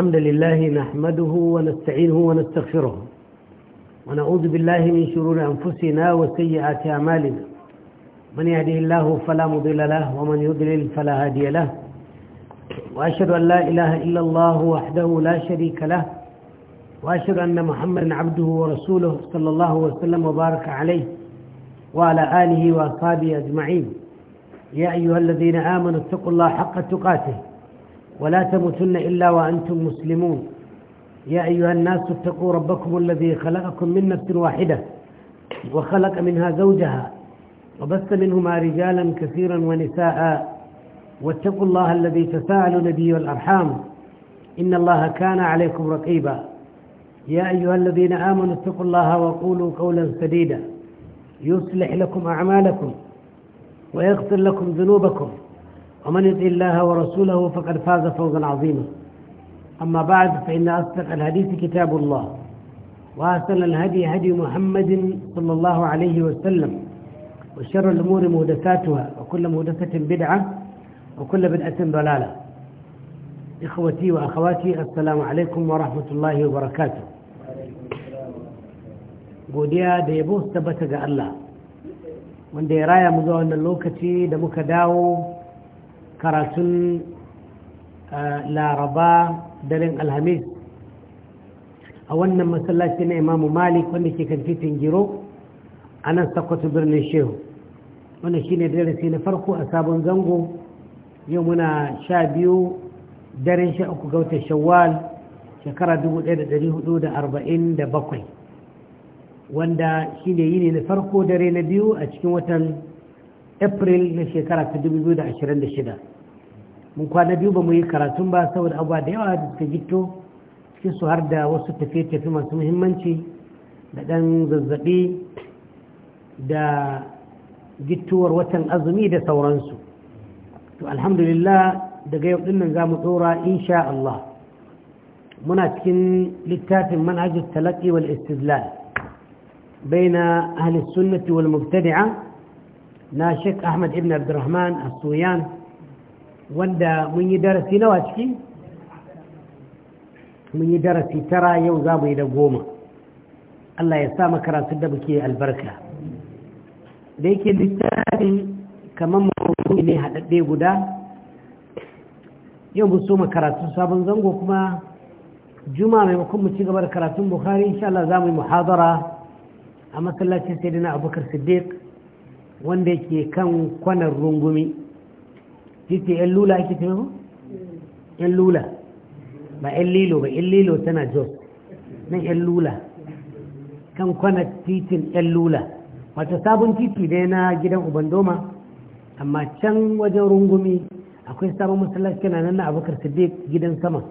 الحمد لله نحمده ونستعينه ونستغفره ونعوذ بالله من شرور أنفسنا وسيئات أعمالنا من يهده الله فلا مضل له ومن يضلل فلا هادي له وأشهد أن لا إله إلا الله وحده لا شريك له وأشهد أن محمدا عبده ورسوله صلى الله وسلم وبارك عليه وعلى آله وأصحابه أجمعين يا أيها الذين آمنوا اتقوا الله حق تقاته ولا تموتن إلا وأنتم مسلمون يا أيها الناس اتقوا ربكم الذي خلقكم من نفس واحدة وخلق منها زوجها وبث منهما رجالا كثيرا ونساء واتقوا الله الذي تساءل نبي الأرحام إن الله كان عليكم رقيبا يا أيها الذين آمنوا اتقوا الله وقولوا قولا سديدا يصلح لكم أعمالكم ويغفر لكم ذنوبكم ومن يطع الله ورسوله فقد فاز فوزا عظيما أما بعد فإن أصدق الحديث كتاب الله وأحسن الهدي هدي محمد صلى الله عليه وسلم وشر الأمور مهدساتها وكل مهدسة بدعة وكل بدعة ضلالة إخوتي وأخواتي السلام عليكم ورحمة الله وبركاته godiya da yabo tabbata ga Allah wanda ya raya mu zuwa wannan lokaci da muka dawo karatun eh, laraba daren alhamis a wannan masallaci na imamu malik wanda ke kan titin giro a nan sakwato birnin shehu wanda shi ne darasi na farko a sabon zango yau muna sha biyu daren sha uku gauta shawwal shekara bakwai, wanda shi ne yini na farko dare na biyu a cikin watan april na shekara ta 2026 mun kwana biyu ba mu yi karatun ba saboda abuwa da yawa da suka gito cikin su har da wasu tafiye-tafi masu muhimmanci da ɗan zazzaɓi da gittuwar watan azumi da sauransu to alhamdulillah daga yau ɗinnan za mu tsora insha Allah muna cikin littafin manhajin talaƙi wal istidlal baina ahli sunnati wal mubtadi'a na shek Ahmad ibn Abdurrahman As-Suyan wanda mun yi darasi nawa ciki mun yi darasi tara yau za mu yi da goma Allah ya sa makarantun da muke albarka da yake littafin kamar mawuyi ne haɗaɗɗe guda yau mu so makarantun sabon zango kuma juma maimakon mu ci gaba da karatun buhari insha Allah za mu yi muhadara a masallacin sayyidina abubakar siddiq wanda ke kan kwanar rungumi cikin yan lula ake ce ba yan lula ba yan lilo ba yan lilo tana jos nan yan lula kan kwanar titin yan lula wata sabon titi dai na gidan ubandoma amma can wajen rungumi akwai sabon masallaci na nan na abokar siddiq gidan sama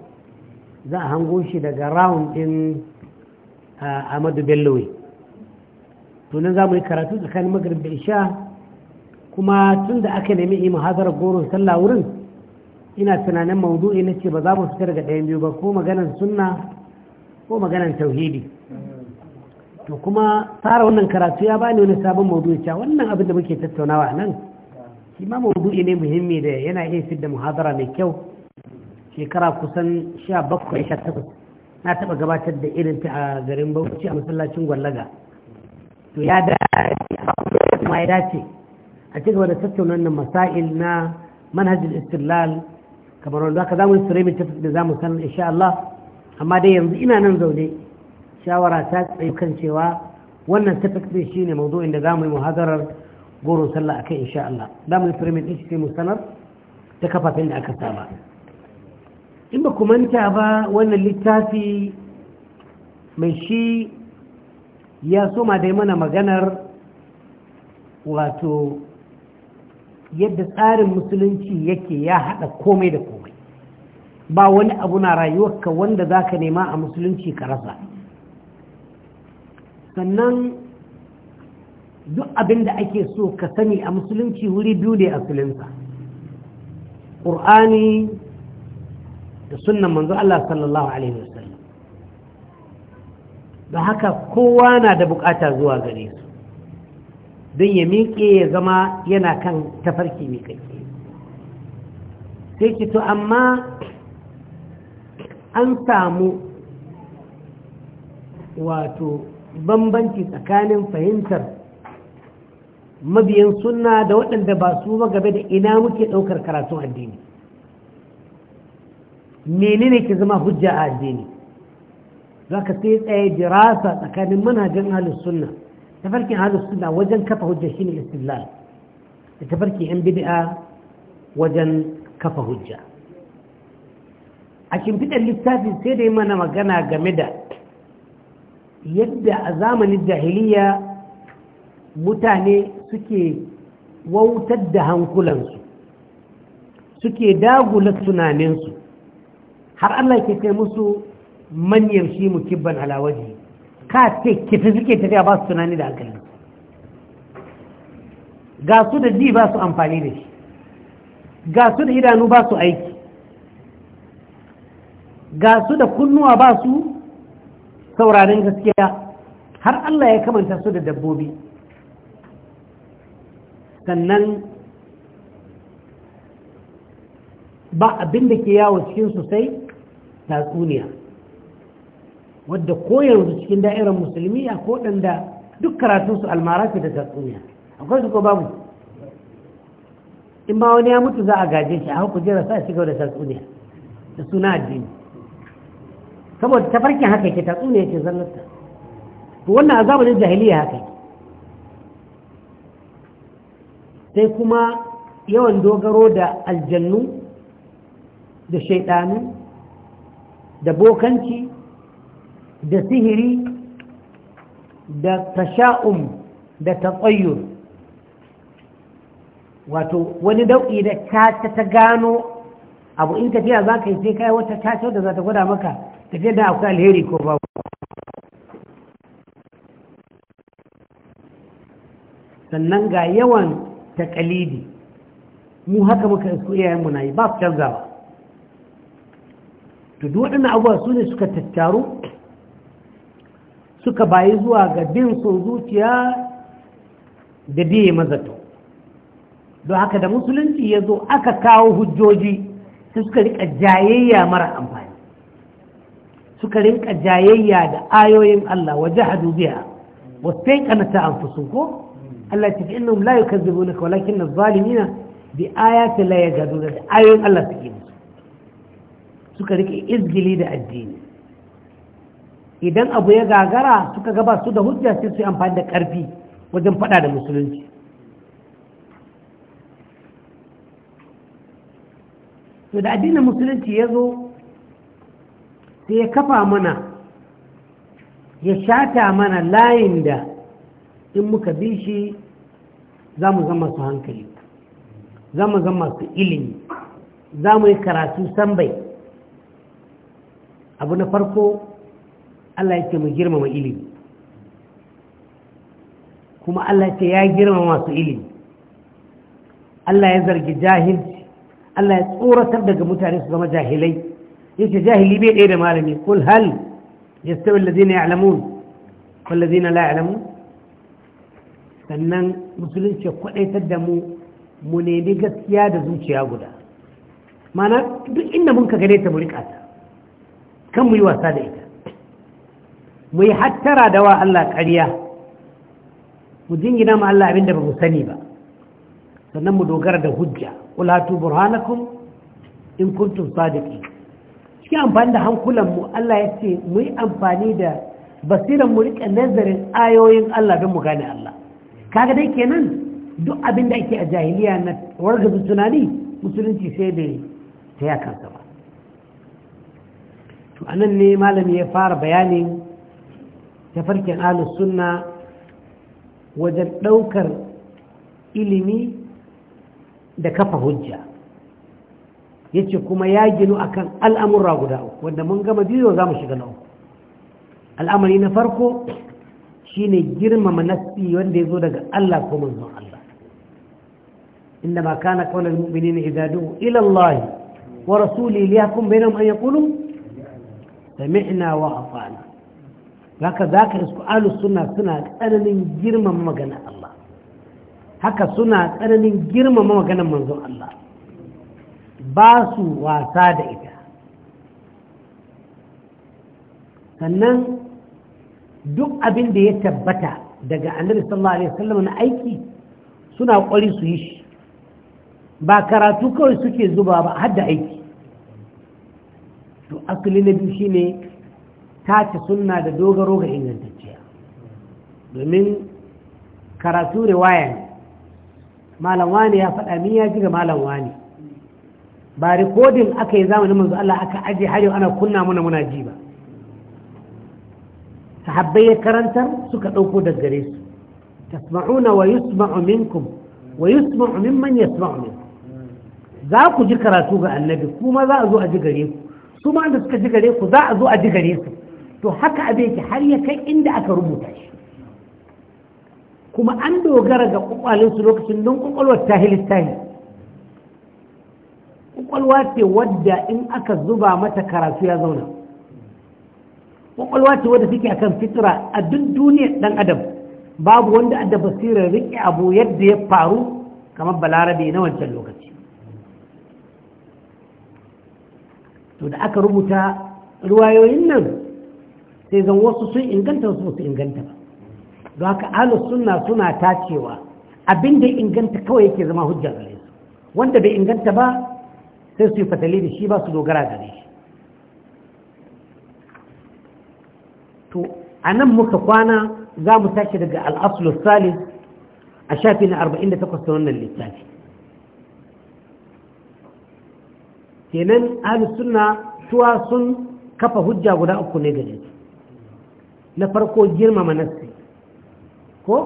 za a hango shi daga rawun din amadu ah, bellowe to nan za mu yi karatu tsakanin magrib da isha kuma tun da aka nemi yi muhazarar goron sallah wurin ina tunanin maudu'i na ce ba za mu fita daga ɗayan biyu ba ko maganan sunna ko maganan tauhidi to kuma tsara wannan karatu ya bani wani sabon maudu'i cewa wannan abin da muke tattaunawa a nan shi ma maudu'i ne muhimmi da yana iya fidda muhadara mai kyau shekara kusan sha bakwai sha takwas na taɓa gabatar da irin ta a garin bauchi a masallacin gwallaga to ya dace kuma ya dace a ci gaba da tattauna wannan masail na manhajin istilal kamar wanda aka zamu sure mai tafi da zamu san insha Allah amma dai yanzu ina nan zaune shawara ta tsayu kan cewa wannan tafi shine mawdu'in da zamu yi muhadarar goron sallah akai insha Allah zamu yi sure mai tafi sai mu sanar ta kafafen da aka saba in ba ku manta ba wannan littafi mai shi ya soma dai mana maganar wato yadda tsarin musulunci yake ya haɗa komai da komai ba wani abu na rayuwarka wanda za ka nema a musulunci ka rasa sannan duk abin da ake so ka sani a musulunci wuri biyu ne a asulinsa ƙur'ani da sunan manzo Allah sallallahu Alaihi da haka kowa na da bukata zuwa gare su don ya miƙe ya zama yana kan tafarki miƙaƙe sai ki to amma an samu wato bambanci tsakanin fahimtar mabiyan suna da waɗanda ba su ba gaba da ina muke ɗaukar karatun addini menene ke zama hujja a addini za ka sai tsaye dirasa tsakanin manhajin ahlus ta farkin wajen kafa hujja shine istidlal da tafarkin yan bid'a wajen kafa hujja a shimfiɗar littafin sai da mana magana game da yadda a zamanin jahiliya mutane suke wautar da hankulansu suke dagula tunaninsu har Allah ke kai musu Manyan shi mu kibban alawaji, ka ce kifi suke tafiya ba su tunani da hankali ga su da ji ba su amfani da shi ga su da idanu ba su aiki ga su da kunnuwa ba su sauraren gaskiya har Allah ya kamanta su da dabbobi sannan ba abin da ke yawo cikin sosai sai tatsuniya wadda ko cikin da'irar musulmi a koɗin da duk karatun almara ke da tatsuniya akwai su ko babu in ba wani ya mutu za a gaje shi a hau kujera sa shiga da tatsuniya da suna addini saboda tafarkin haka yake tatsuniya ke zallarta to wannan a zamanin jahiliya haka yake sai kuma yawan dogaro da aljannu da shaidanu da bokanci da sihiri da tasha'um da tatsayyur wato wani dau'i da caca ta gano abu in tafiya za ka yi sai kai wata caca da za ta gwada maka tafiya da akwai alheri ko babu sannan ga yawan takalidi mu haka muka isko iyayenmu na yi ba su canzawa to duk waɗannan abubuwa su ne suka tattaru suka bayi zuwa ga bin sun zuciya da biye mazato don haka da musulunci ya zo aka kawo hujjoji sai suka rika jayayya mara amfani suka rika jayayya da ayoyin Allah waje wasu sai kanata an fusu ko Allah ta innahum la na walakin adh-dhalimina bi ayati gado da ayoyin Allah suke musu suka rika izgili da addini idan abu ya gagara suka gaba su da hujja sai su amfani da ƙarfi wajen faɗa da musulunci to da addinin musulunci ya zo sai ya kafa mana ya shata mana layin da in muka bi shi za mu zama su hankali za mu zama su ilimi za mu yi karatu sambai abu na farko Allah ya ce mu girmama ilimi kuma Allah ya ce ya girmama masu ilimi Allah ya zargi jahilci Allah ya tsoratar daga mutane su zama jahilai ce jahili bai ɗaya da malami kul hal yastawi ya ya'lamun wal ladina la alamu sannan musulunci kwadaitar da mu mu nemi gaskiya da zuciya guda mana duk inda mun ka gane ta mu rika ta kan mu yi wasa da ita mu yi hattara da wa Allah ƙarya mu jingina ma Allah abinda ba mu sani ba sannan mu dogara da hujja ulatu burhanakum in kuntum sadiqi shi amfani da hankulan mu Allah ya ce mu yi amfani da basiran mu rika nazarin ayoyin Allah don mu gane Allah kaga dai kenan duk abin da ake a jahiliya na wargaza tunani musulunci sai da ta ya kansa ba to anan ne malami ya fara bayanin tafarkin ahlus sunna wajen ɗaukar ilimi da kafa hujja yace kuma ya ginu akan al'amura guda uku wanda mun gama biyu za mu shiga na uku al'amari na farko shine girmama nasi wanda ya zo daga Allah ko manzon Allah inda ma kana kaunar mu'minin idadu ila wa rasuli liyahkum bainahum an ya sami'na wa ata'na haka za ka alu suna suna tsananin girman magana Allah haka suna tsananin girman maganan manzon Allah ba su wasa da ita sannan duk abin da ya tabbata daga annabi sallallahu alaihi wasallam na aiki suna kwari su yi shi ba karatu kawai suke zuba ba har da aiki to asali na biyu shine tace suna da dogaro ga ingantacciya domin karatu riwaya ne malam wani ya faɗa min ya ji ga malam wani ba rikodin aka yi zamanin manzo Allah aka aje har yau ana kunna muna muna ji ba sahabbai ya karantar suka ɗauko daga gare su tasma'una wa yusma'u minkum wa yusma'u mimman yasma'u minkum za ku ji karatu ga annabi kuma za a zo a ji gare ku Kuma ma da suka ji gare ku za a zo a ji gare su to haka abin ki har ya kai inda aka rubuta shi kuma an dogara ga kwakwalinsu lokacin don kwakwalwar ta hilistahi kwakwalwa ce wadda in aka zuba mata karatu ya zauna kwakwalwa ce wadda suke kan fitura a duk duniyar dan adam babu wanda a da basirar riƙe abu yadda ya faru kamar balarabe na wancan lokaci to da aka rubuta ruwayoyin nan sai zan wasu sun inganta wasu su inganta ba don haka ahlus sunna suna tacewa abinda da inganta kawai yake zama hujja gare su wanda bai inganta ba sai su yi fatali da shi ba su dogara gare shi to a nan muka kwana za mu tashi daga al'asulus salis a shafi na 48 ta wannan littafi kenan ahlus suna tuwa sun kafa hujja guda uku ne gare su na farko girmama nassi ko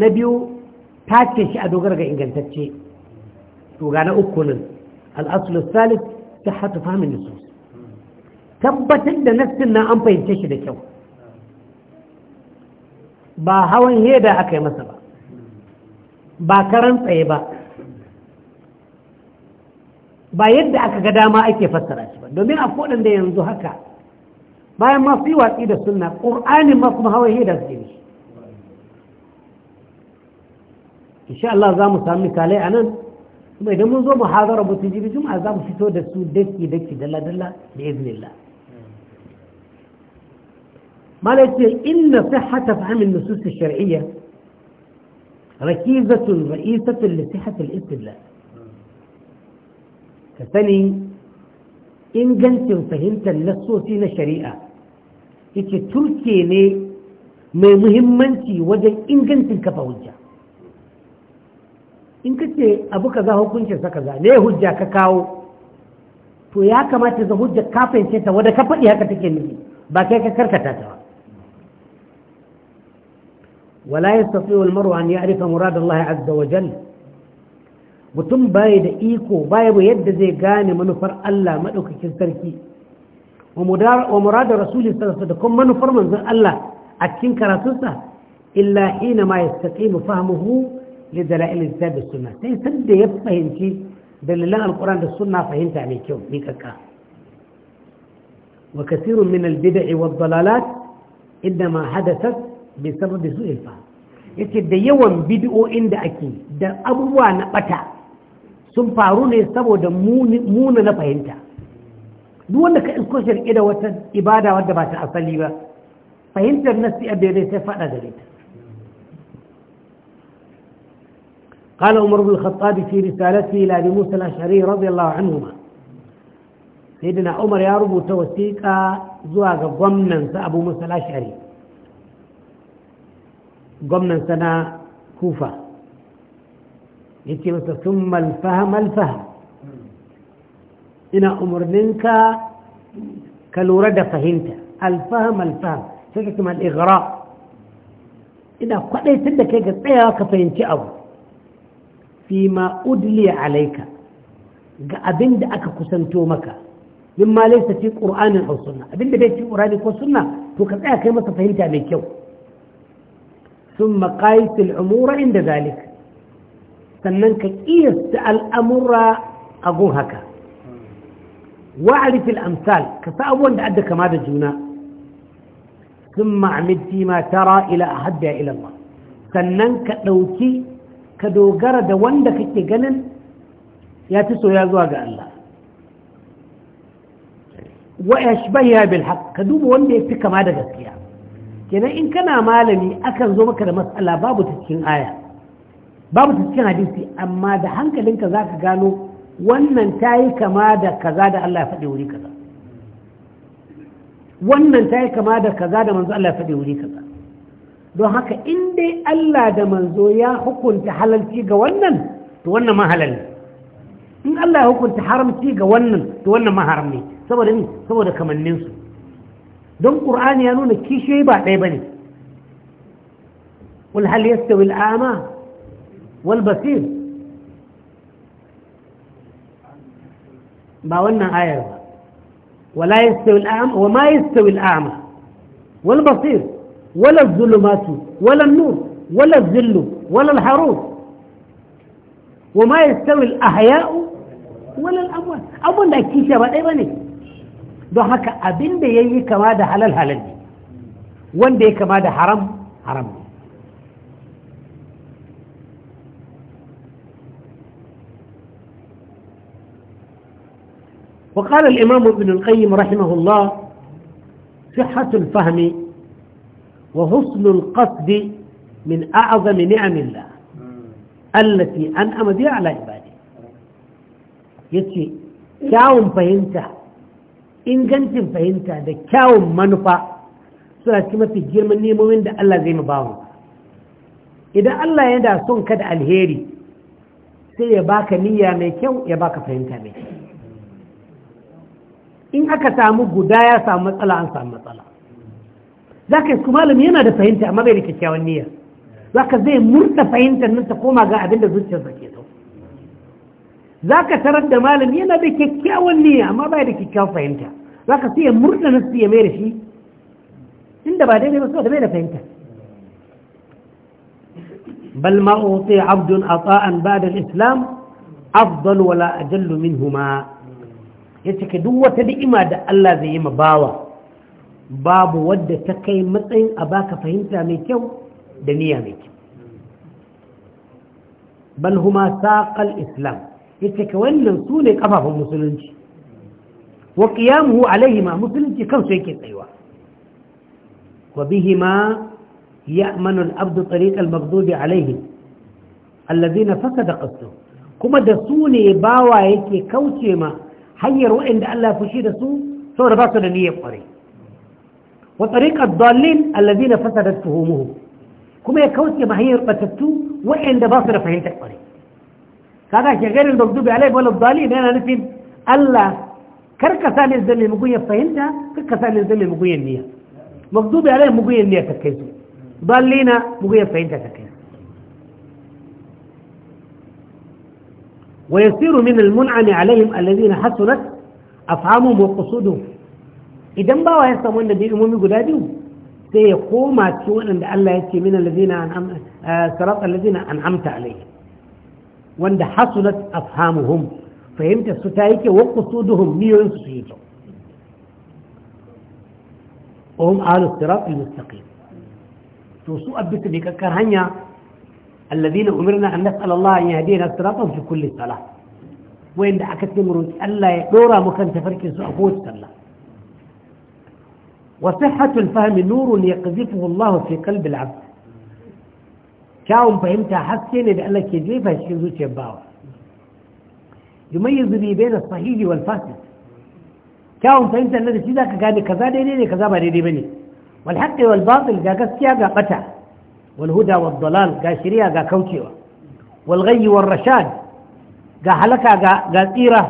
na biyu tace shi a dogara ga ingantacce to ga na uku nan al'asul salif ta hatu fahimin tabbatar da nassin nan an fahimce shi da kyau ba hawan heda aka yi masa ba ba karan tsaye ba ba yadda aka ga dama ake fassara shi ba domin a kodin da yanzu haka bayan ma su yi watsi da sunna ƙur'anin ma kuma hawa da su ne insha Allah za mu sami misalai a nan kuma idan mun zo mu hazara mutum jibi juma'a za mu fito da su daki daki dalla dalla da iznillah malai ce inna sihhata fahmin nusus shar'iyya ركيزة رئيسة لصحة الاستدلال ka sani ingancin fahimtar nassosi na shari'a yake turke ne mai muhimmanci wajen ingancin kafa hujja in kace abu kaza hukuncin sa kaza ne hujja ka kawo to ya kamata za hujja ka fahimce ta wanda ka faɗi haka take nufi ba kai ka karkata ta ba wala yastati wal mar'u an ya'rifa murad Allah azza wa jalla mutum baya da iko baya yadda zai gane manufar Allah madaukakin sarki wa muradar rasulun sarasa da kuma manufar manzon Allah a cikin karatunsa illa hina ma mu fahmuhu li dalail kitab da sunna sai sanda ya fahimci dalilan alquran da sunna fahimta mai kyau ni kakka wa kathirun min albid'i wad dalalat inma bai bi sababi su'il fahm yace da yawan bid'o'in da ake da abubuwa na bata sun faru ne saboda muna na fahimta duk wanda ka isko shirke da wata ibada wadda ba ta asali ba fahimtar nasi a daidai sai fada da ita قال عمر بن الخطاب في رسالته إلى أبي موسى الأشعري رضي الله عنهما سيدنا عمر يا رب توثيقا زواج gwamnansa أبو موسى الأشعري gwamnansa na kufa yake masa sun malfaha ina umarninka ka lura da fahimta alfaham alfaham sai ka kuma al'igara ina kwadaitar da kai ga tsayawa ka fahimci abu fi ma'udliya alaika ga abin da aka kusanto maka min ma laisa fi qur'anin aw sunna abin da bai ci qur'ani ko sunna to ka tsaya kai masa fahimta mai kyau thumma qais al-umura inda zalik sannan ka kiyasta al'amura amura gun haka wa'arif al-amsal ka sa abubuwan da adda kama da juna Sun amid ma tara ila ahadda ila Allah sannan ka ɗauki ka dogara da wanda kake ganin ya ci soya zuwa ga Allah wa yashbahiha ya bilhaq ka duba wanda yafi kama da gaskiya kenan in kana malami akan zo maka da matsala babu cikin aya babu ta cikin hadisi amma da hankalinka zaka gano wannan ta yi kama da kaza da Allah ya faɗi wuri kaza wannan ta yi kama da kaza da manzo Allah ya faɗi wuri kaza don haka in dai Allah da manzo ya hukunta halalci ga wannan to wannan ma halal ne in Allah ya hukunta haramci ga wannan to wannan ma haram ne saboda ni saboda kamannin su don Qur'ani ya nuna kishiyoyi ba ɗaya bane wal hal yastawi al ama wal basir ba wannan ayar ba wala yastawi al'ama wa ma yastawi al'ama wal basir wala zulumatu wala nur wala zillu wala al-haruf wa ma yastawi al-ahya'u wala al-amwat abun da kisha ba dai bane don haka abin da yayi kama da halal halal wanda ya kama da haram haram ne وقال الإمام ابن القيم رحمه الله صحة الفهم وحسن القصد من أعظم نعم الله التي أنعم بها على عباده يتي كاوم فهمتا إن كنتم فهمتا ده كاوم منفع سورة كما في جرم النيمومين ده الله زي مباهم إذا الله يدع سنكد الهيري سيباك نية ميكو يباك فهمتا ميكو in aka samu guda ya samu matsala an samu matsala za ka su malami yana da fahimta amma bai da kyakkyawan niyya za ka zai murta fahimtar nan ta koma ga abin da zuciyarsa ke so za ka tarar da malami yana da kyakkyawan niyya amma bai da kyakkyawan fahimta za ka sai ya murta nasu ya mai da shi inda ba daidai ba saboda bai da fahimta بل ما أعطي عبد da بعد الإسلام أفضل ولا أجل منهما ya cika duk wata ni'ima da Allah zai yi ma bawa babu wadda ta kai matsayin a baka fahimta mai kyau da niyya mai kyau bal huma saqal islam yace ka wannan su ne kafafun musulunci wa qiyamuhu alaihima musulunci kansu yake tsayuwa wa bihima ya'manu al-abdu tariq al-maghdubi alaihim alladhina fasada qasdu kuma da su ne bawa yake kauce ma hanyar waɗanda Allah ya fushi da su saboda ba su da niyyar ƙware wa tariqat na fasa da tuhumuhu, kuma ya kauce ma hanyar batattu waɗanda ba su da fahimtar ƙware kaga ke garin magdubi alai wal dallin yana nufin Allah karka sa ne zalle mugun ya fahimta karka sa ne zalle mugun ya niyya magdubi alai mugun ya niyya ta kai su dallina mugun ya fahimta ta kai ويصير من المنعم عليهم الذين حسنت أفعامهم وقصودهم اذا باوا يسمو أن دي أمومي قدادهم سيقوم أتشون أن الله يتشي من الذين أنعم سراط آه، الذين أنعمت عليهم وأن حسنت أفعامهم فهمت ستايك وقصودهم ميو ينسيجوا وهم آل الصراط المستقيم فوسوء أبت بك كرهنيا الذين أمرنا أن نسأل الله أن يهدينا صراطا في كل صلاة وإن دعكت نمرون ألا يدورا مكان تفركي سأقوت صلاة وصحة الفهم نور يقذفه الله في قلب العبد كاوم فهمتها حسين إذا أنك يجيفها الشيء يباوه يميز بي بين الصحيح والفاسد kyawun fahimtar na da shi zaka gane kaza daidai ne kaza ba daidai bane wal haqqi wal batil ga gaskiya ga bata wal huda wal dalal ga shari'a ga kaucewa wal rashad ga halaka ga tsira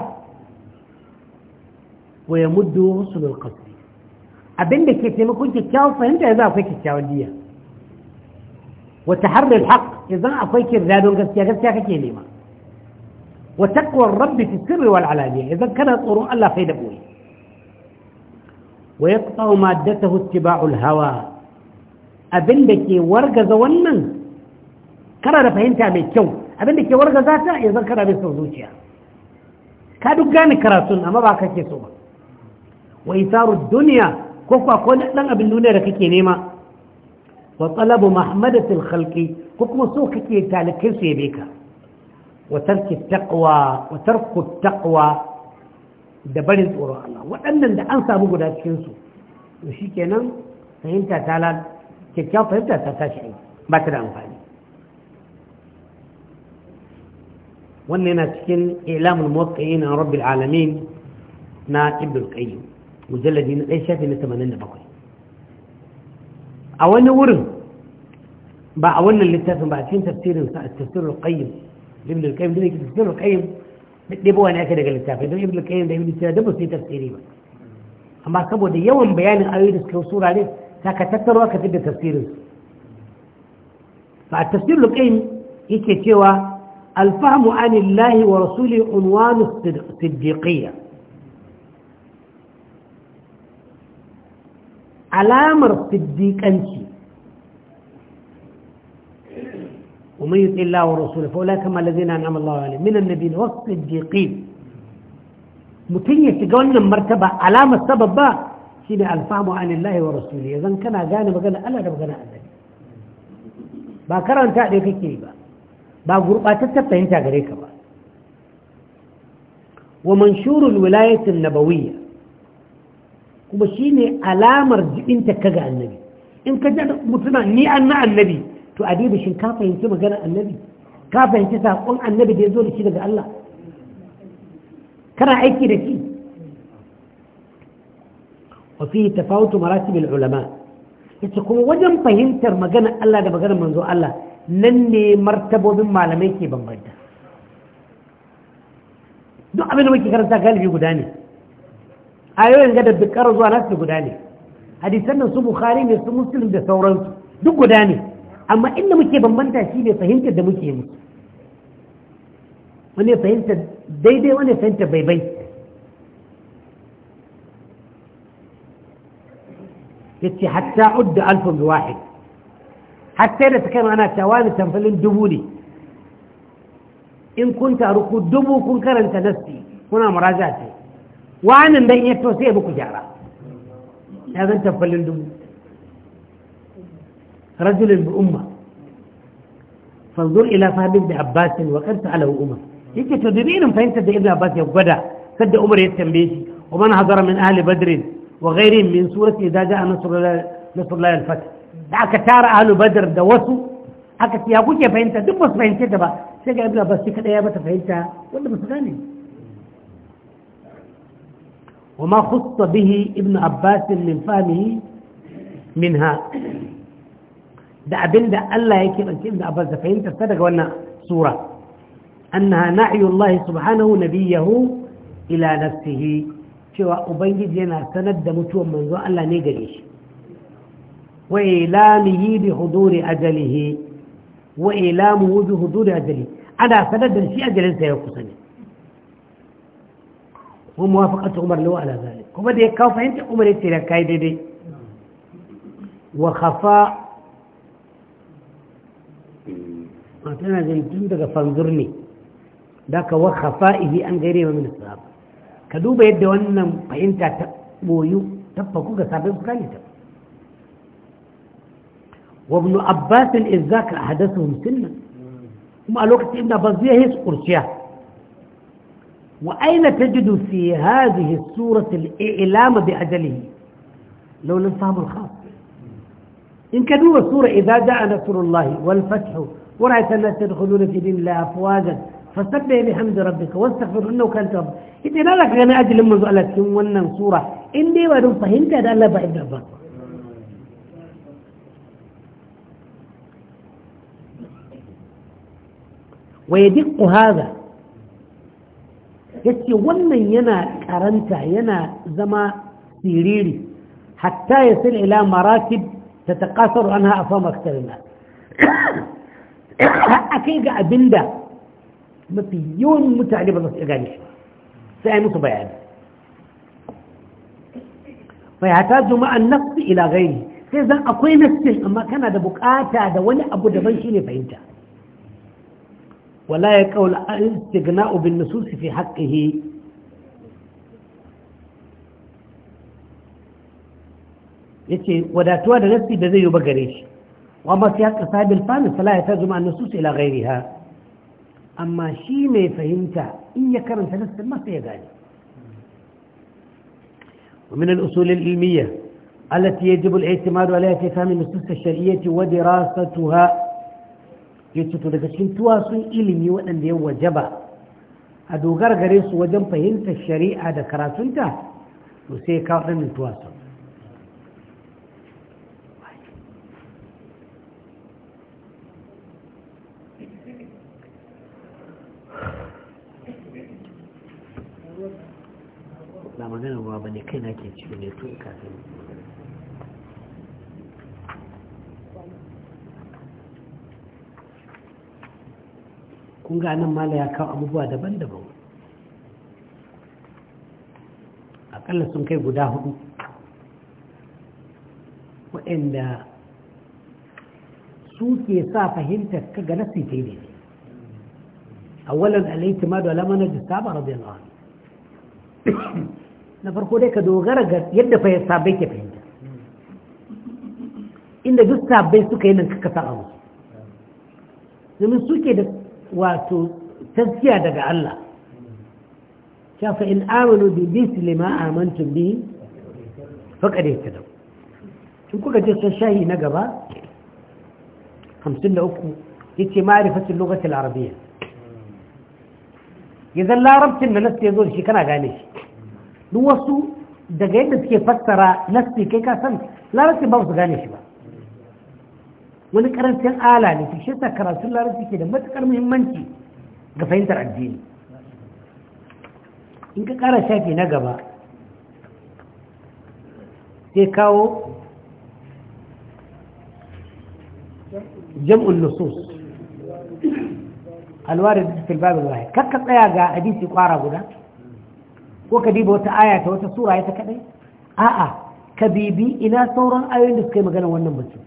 wa yamuddu wasu qasd abinda ke taimakon kyakkyawan fahimta yanzu akwai kyakkyawan niyya wa taharri al haqq yanzu akwai don gaskiya gaskiya kake nema wata taqwa rabbi fi sirri wal alaniya yanzu kana tsoron Allah fai da ɓoye boye ويقطع مادته اتباع الهوى abin da ke wargaza wannan kana da fahimta mai kyau abin da ke wargaza ta ya zan kana bai son zuciya ka duk gane karatun amma ba kake so ba wa isaru duniya ko kuwa ko dan abin duniya da kake nema wa talabu mahmadatil khalqi ko kuma so kake talikai su yabe ka wa tarki taqwa wa tarku taqwa da barin tsoron Allah waɗannan da an samu guda cikin su to shikenan fahimta ta كتاب طيب ده تتشعي ما ترى انقالي اعلام الموقعين عن رب العالمين نا ابن القيم مجلدين اي شافي نتمنى او اولا ورم با اولا اللي تفهم بعدين تفسير تفسير القيم ابن القيم تفسير القيم دي انا كده قال التفسير ده ابن القيم ده ابن السيد ده بس تفسيري بس اما سبب ده يوم بيان ايه سوره عليه saka tattaruwa ka da tafsirin fa tafsir luqayn yake cewa alfahmu anillahi wa rasuli unwanu siddiqiyya alamar siddiqanci ومن يطع الله ورسوله فاولئك هم الذين انعم الله عليهم من النبيين والصديقين متين يتجاوز المرتبه علامه سبب بقى shi ne alfahamu anillahi wa rasuli ya zan kana gane magana Allah da magana annabi ba karanta ɗaya kake ba ba gurɓatattar fahimta gare ka ba wa manshurul wilayatin nabawiyya kuma shi ne alamar jibinta ka ga annabi in ka jada mutuna ni an na annabi to a diba shin ka fahimci magana annabi ka fahimci saƙon annabi da ya zo da shi daga Allah kana aiki da shi وفيه تفاوت مراتب العلماء يتكون وجن فهمتر مغانا الله دا مغانا منذ الله نني مرتبه بما لميكي بمبدا duk abin da muke karanta galibi guda ayoyin ga dabbikar zuwa nasu guda ne hadisan nan su bukhari da sauransu duk guda ne amma inda muke bambanta shi fahimtar da muke musu wani fahimtar daidai wani fahimtar yace hatta udda alfun bi wahid hatta da take ana wani tamfalin dubu ne in kun taru ku dubu kun karanta nasti kuna muraja ce wannan dan yato sai ku jara ya zan tamfalin dubu rajulun bi umma fanzur ila fahmin da abbasin wa kanta alahu umar yake to da irin fahimtar da ibn abbas ya gwada sadda umar ya tambaye shi ومن حضر min أهل Badrin. وغيرهم من سورة إذا جاء نصر الله نصر الله الفتح لأك تارى أهل بدر دوسوا أك تيابوك يا فهنتا دم بس فهنتا دبا سيقى أبلا بس تيكا يا بس فهنتا ولا بس غاني وما خص به ابن عباس من فهمه منها ده أبن ده ألا يكير أنك ابن عباس فهنتا صدق ولا سورة أنها نعي الله سبحانه نبيه إلى نفسه cewa ubangiji yana sanar da mutuwan manzon Allah ne gare shi wa ilamihi bi huduri ajalihi wa ilamuhu bi huduri ajali ana sanar da shi ajalin sa ya kusa ne wa muwafaqatu umar lawa ala zalik kuma da ya kawo fahimta umar yace da kai daidai wa khafa ma tana jin tun daga fanzurni daga wa khafa wa khafa'ihi an gaire min sahaba ka duba yadda wannan fahimta ta boyu tabbaku ga sabon kalita wa ibn abbas izaka ahdathuhum sunna kuma a lokacin da ba zai yi kurciya wa aina tajidu fi hadhihi surati al-i'lam bi ajalihi law lam fahm al-khas in ka duba sura idza ja'a nasrullahi wal fath wa ra'aita an-nas yadkhuluna fi dinillahi afwajan fasabbih bihamdi rabbika wastaghfir innahu kana tawwab ita na zaka gani ajalin manzo Allah cikin wannan sura in dai ba don fahimta da Allah ba ibda ba wa yadiqqu hadha yace wannan yana karanta yana zama siriri hatta yasil ila maratib tataqasaru anha afama aktarina kai ga abinda مليون متع لبنص إغانيش سأعني صبيعان فيعتاد مع النقص إلى غيره سيزن أقوي نفسه أما كان هذا بكاء هذا ولا أبو دبنشيني فإنت ولا يقول الاستغناء بالنصوص في حقه يتي ودا توادى نفسي بذيو بقريش وما سياق صاحب الفان فلا يعتاد مع النسوس إلى غيرها amma shi mai fahimta in ya karanta nassin masa ya gane ومن الأصول العلمية التي يجب الاعتماد عليها في فهم النصوص الشرعية ودراستها يتتو daga cikin tuwasun ilimi waɗanda ya wajaba a dogar gare su wajen fahimtar shari'a da karatunta to sai kawo waɗannan tuwasun kai na ke ciwo ne tun kafin kun ga nan mala ya kawo abubuwa daban-daban akalla sun kai guda hudu waɗanda su ke sa fahimtar ka ga nasi ta yi awalan alaiti ma da alamana da saba rabin rawa na farko dai ka dogara ga yadda sabai ke fahimta inda duk sabai suka yi nan ka kasa abu domin suke da wato taskiya daga Allah fa in amanu bi misli ma amantum bi faqad da in kuka je san shahi na gaba 53 yace ma'rifatul lughatil arabiyya idan larabcin da nasu ya zo shi kana gane shi duk wasu daga yadda suke fassara nasti kai ka san larabci ba su gane shi ba wani karancin ala ne shi yasa karatun larabci ke da matukar muhimmanci ga fahimtar addini in ka kara shafi na gaba sai kawo jam'ul nusus alwarid fil babil wahid kakka tsaya ga hadisi kwara guda ko ka diba wata aya ta wata sura ta kadai a'a ka bibi ina sauran ayoyin da suka yi magana wannan batu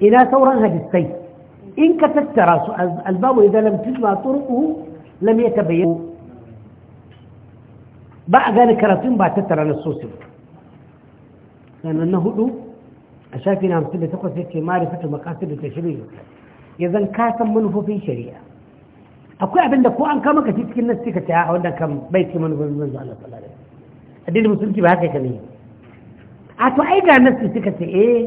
ina sauran hadisai in ka tattara su albabu idan lam tujma turquhu lam yatabayyan ba a gane karatun ba tattara na sosai sannan na hudu a shafi na hamsin da takwas yake marifata makasir da ta shirya ya zan kasan manufofin shari'a akwai abin da ko an kama ka cikin nasu cika ta a wanda kan bai ce manufar zuwa Allah sallallahu alaihi wasallam addinin musulunci ba haka ka ne a to ai ga cika suka ce eh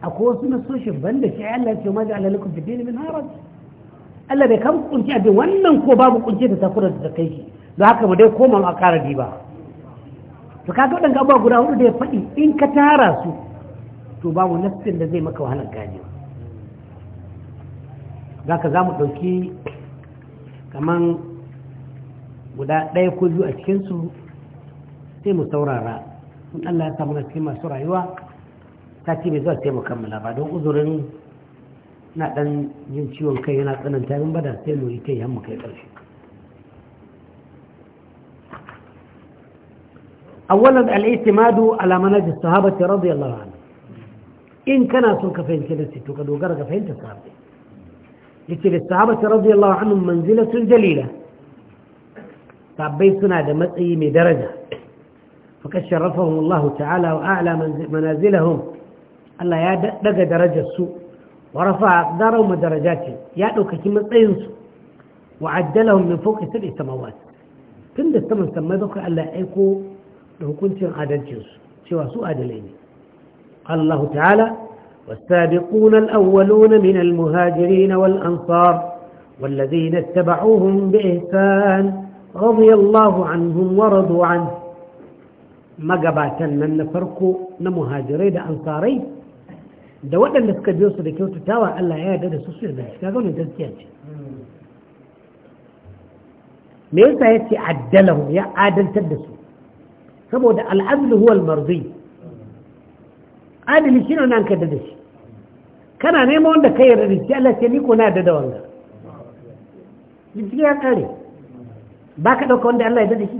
akwai wasu nasoshin banda shi Allah ya ce ma ja'ala lakum fi da min haraj Allah bai kama kunci a wannan ko babu kunci da takura da kai shi don haka mu dai koma a kara diba to kaga waɗanda abubuwa guda hudu da ya faɗi in ka tara su to babu nassin da zai maka wahalar ba za ka za mu ɗauki kaman guda ɗaya ko biyu a cikinsu sai mu saurara in allah ya samu na cikin masu rayuwa ta ce mai zuwa sai mu kammala ba don uzurin na ɗan yin ciwon kai yana tsananta min bada sai mu yi kai mu kai ƙarshe awwalan al-istimadu ala manhaj as-sahabati radiyallahu anhu in kana son ka fahimci lissi to ka dogara ga fahimtar sahabbai yace lissahabata radiyallahu anhum manzilatun jalila sabbai suna da matsayi mai daraja faqad sharafahum Allah ta'ala wa a'la manazilahum Allah ya daga darajar su wa rafa'a darau madarajati ya daukaki matsayin su wa ajjalahum min fawqi sab'i tun tunda saman samai bakwai Allah ya aiko da hukuncin adalcin su cewa su adalai ne Allah ta'ala والسابقون الأولون من المهاجرين والأنصار والذين اتبعوهم بإحسان رضي الله عنهم ورضوا عنه magabatan nan na farko na muhajirai da ansarai da waɗanda suka biyo su da kyautatawa Allah ya yarda da su su yarda shi kaga wannan gaskiya ce me yasa yace addalahu ya adaltar da su saboda al'adlu huwa al-marzi adali shine nan ka da shi kana nema wanda ka yarda da shi Allah ce ni ko na da da wanga jiki ya kare ba ka ɗauka wanda Allah ya da shi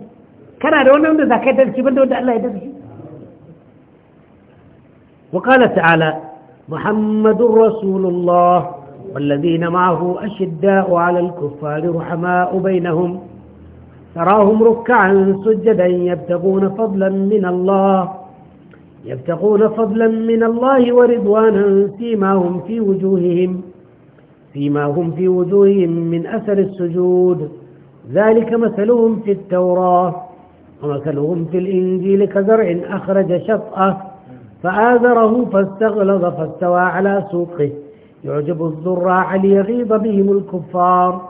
kana da wani wanda za ka yarda da shi banda wanda Allah ya da shi وقال تعالى محمد رسول الله والذين معه أشداء على الكفار رحماء بينهم تراهم ركعا سجدا يبتغون فضلا من الله يبتغون فضلا من الله ورضوانا فيما هم في وجوههم فيما هم في وجوههم من أثر السجود ذلك مثلهم في التوراة ومثلهم في الإنجيل كزرع أخرج شطأه فآذره فاستغلظ فاستوى على سوقه يعجب الزراع ليغيظ بهم الكفار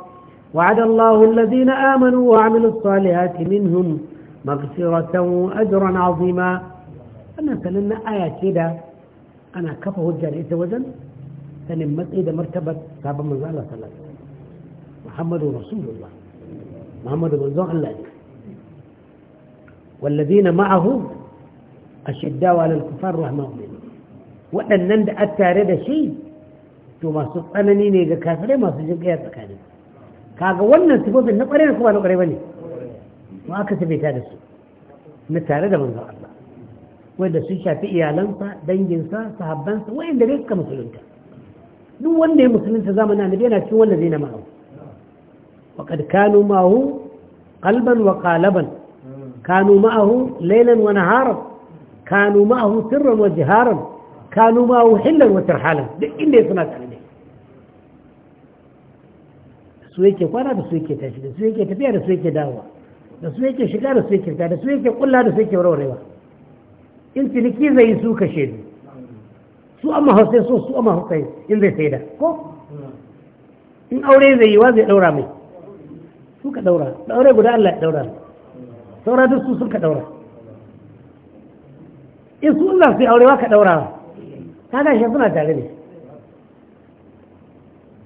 وعد الله الذين آمنوا وعملوا الصالحات منهم مغفرة وأجرا عظيما wannan sanannen aya ce da ana kafa hujja da ita wajen sanin matsayi da martabar sabon manzo Allah sallallahu alaihi wasallam Muhammadu Rasulullah Muhammadu manzo Allah ne والذين معه أشداء على الكفار رحمة الله waɗannan da an tare da shi to masu tsanani ne ga kafirai masu jin ƙaya tsakani kaga wannan sifofin na ƙwarai da kuma na ƙwarai ba ne ma aka sabita da su na tare da manzon Allah wanda sun shafi iyalansa danginsa sahabbansa wayanda dai suka musulunta duk wanda ya musulunta zamanin annabi yana cikin wanda zai na ma'au wa kad kanu ma'u qalban wa qalaban kanu ma'u laylan wa nahara kanu ma'u sirran wa jiharan kanu ma'u hillan wa tarhalan duk inda ya suna tare da su yake kwana da su yake tashi da su yake tafiya da su yake dawowa da su yake shiga da su yake fita da su yake kulla da su yake warwarewa in ciniki zai yi su kashe su su amma hausai so su amma hausai in zai da ko in aure zai yi wa zai daura mai su ka daura daure guda Allah ya daura saura duk su sun ka daura in su Allah sai aure wa ka daura ta gashi suna tare ne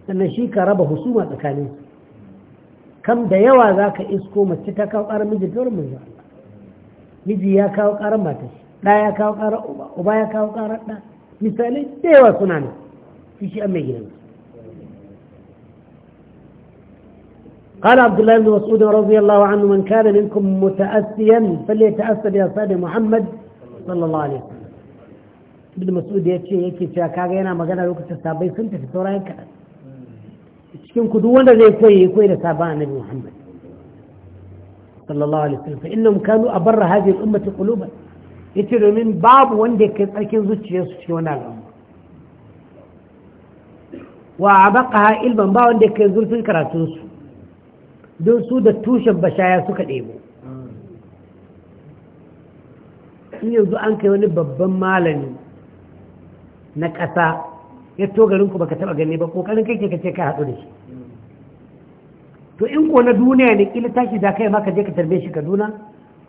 sannan shi ka raba husuma tsakanin kam da yawa za ka isko mace ta kawo ƙarar miji ta wurin miji ya kawo ƙarar matashi لا يكاو قارا أبا أبا يكاو قارا لا مثالي ديوة سنانا في شيء أمي جنان قال عبد الله بن مسعود رضي الله عنه من كان منكم متأسيا فليتأسى بأسال محمد صلى الله عليه وسلم ابن مسعود يتشي يتشي يتشي كاقا ينا مغانا لوك تستابي سنت في طورا ينكا يتشكين كدوانا زي كوي يكوي لسابا النبي محمد صلى الله عليه وسلم فإنهم كانوا أبر هذه الأمة قلوبا yace domin babu wanda ya kai tsarkin zuciyarsu ce wani al'amma wa baka ilman ba wanda kai zurfin karatunsu don su da tushen bashaya suka ɗebo in yanzu an kai wani babban malami na ƙasa ya to garinku baka taɓa gani ba ƙoƙarin kai ke kace ka haɗu da shi to in ko na duniya ne ƙila tashi za kai ma ka je ka tarbe shi kaduna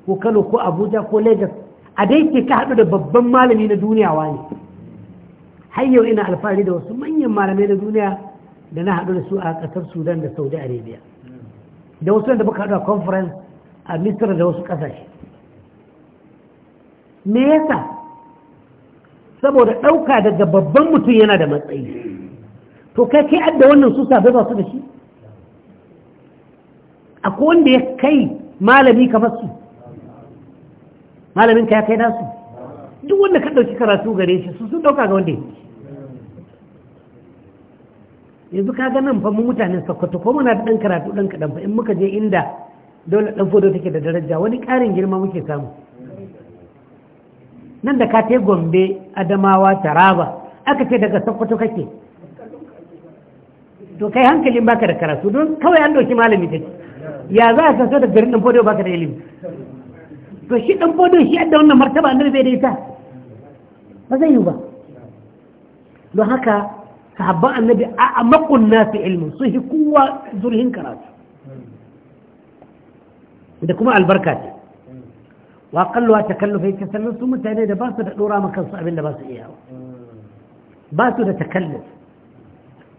ko kano ko abuja ko lagos a dai ke ka haɗu da babban malami na duniya wani har yau ina alfahari da wasu manyan malamai na duniya da na haɗu da su a ƙasar sudan da saudi arabia da wasu da muka haɗu a conference a misir da wasu ƙasashe me yasa saboda ɗauka daga babban mutum yana da matsayi to kai kai adda wannan su sabai ba su da shi akwai wanda ya kai malami kamar su malamin ka ya kai nasu duk wanda ka ɗauki karatu gare shi su sun ɗauka ga wanda yanzu ka ga nan fa mu mutanen sakkwato ko muna da ɗan karatu ɗan kaɗan fa in muka je inda dole ɗan fodo take da daraja wani ƙarin girma muke samu nan da ka te gombe adamawa taraba aka ce daga sakwato kake to kai hankalin baka da karatu don kawai an ɗauki malami take ya za a so da garin ɗan fodo baka da ilimi to shi dan bodon shi adda wannan martaba annabi bai da ita ba zai yi ba don haka sahabban annabi a makon nasu ilmi sun shi kowa zurhin karatu da kuma albarka ce wa kalluwa yake sannan su mutane da ba su da ɗora ma kansu abin da ba su iya ba su da takalluf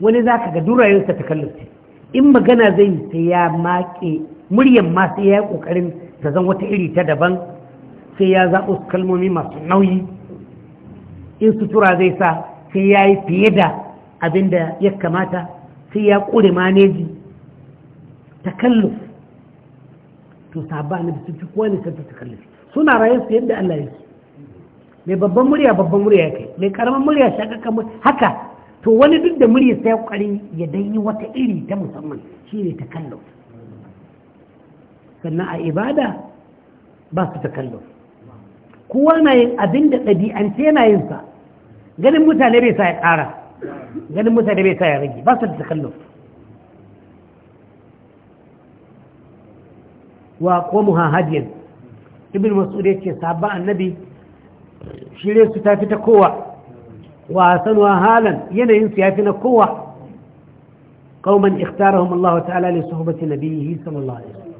wani za ka ga durayensa takalluf ce in magana zai yi sai ya maƙe muryan ma sai ya yi ƙoƙarin ta zan wata iri ta daban sai ya zaɓo kalmomi masu nauyi in sutura zai sa sai ya yi fiye da abin da ya kamata sai ya ƙure maneji kallus to sabba na bisu fi kowane sun kallus suna rayuwa su yadda Allah yake mai babban murya babban murya ya kai mai karamin murya shakakkan haka to wani duk da murya sai ya ƙwari ya danyi wata iri ta musamman shi ne ta kallus sannan a ibada ba su takalluf kowa na yin abin da ɗabi'ance yana yin sa ganin mutane bai sa ya ƙara ganin mutane bai sa ya rage ba su da takalluf wa qamuha hadiyan ibn mas'ud yace sabba annabi shirye su tafi ta kowa wa sanwa halan yanayin su yafi na kowa qauman ikhtarahum Allah ta'ala li suhbati nabiyhi sallallahu alaihi wasallam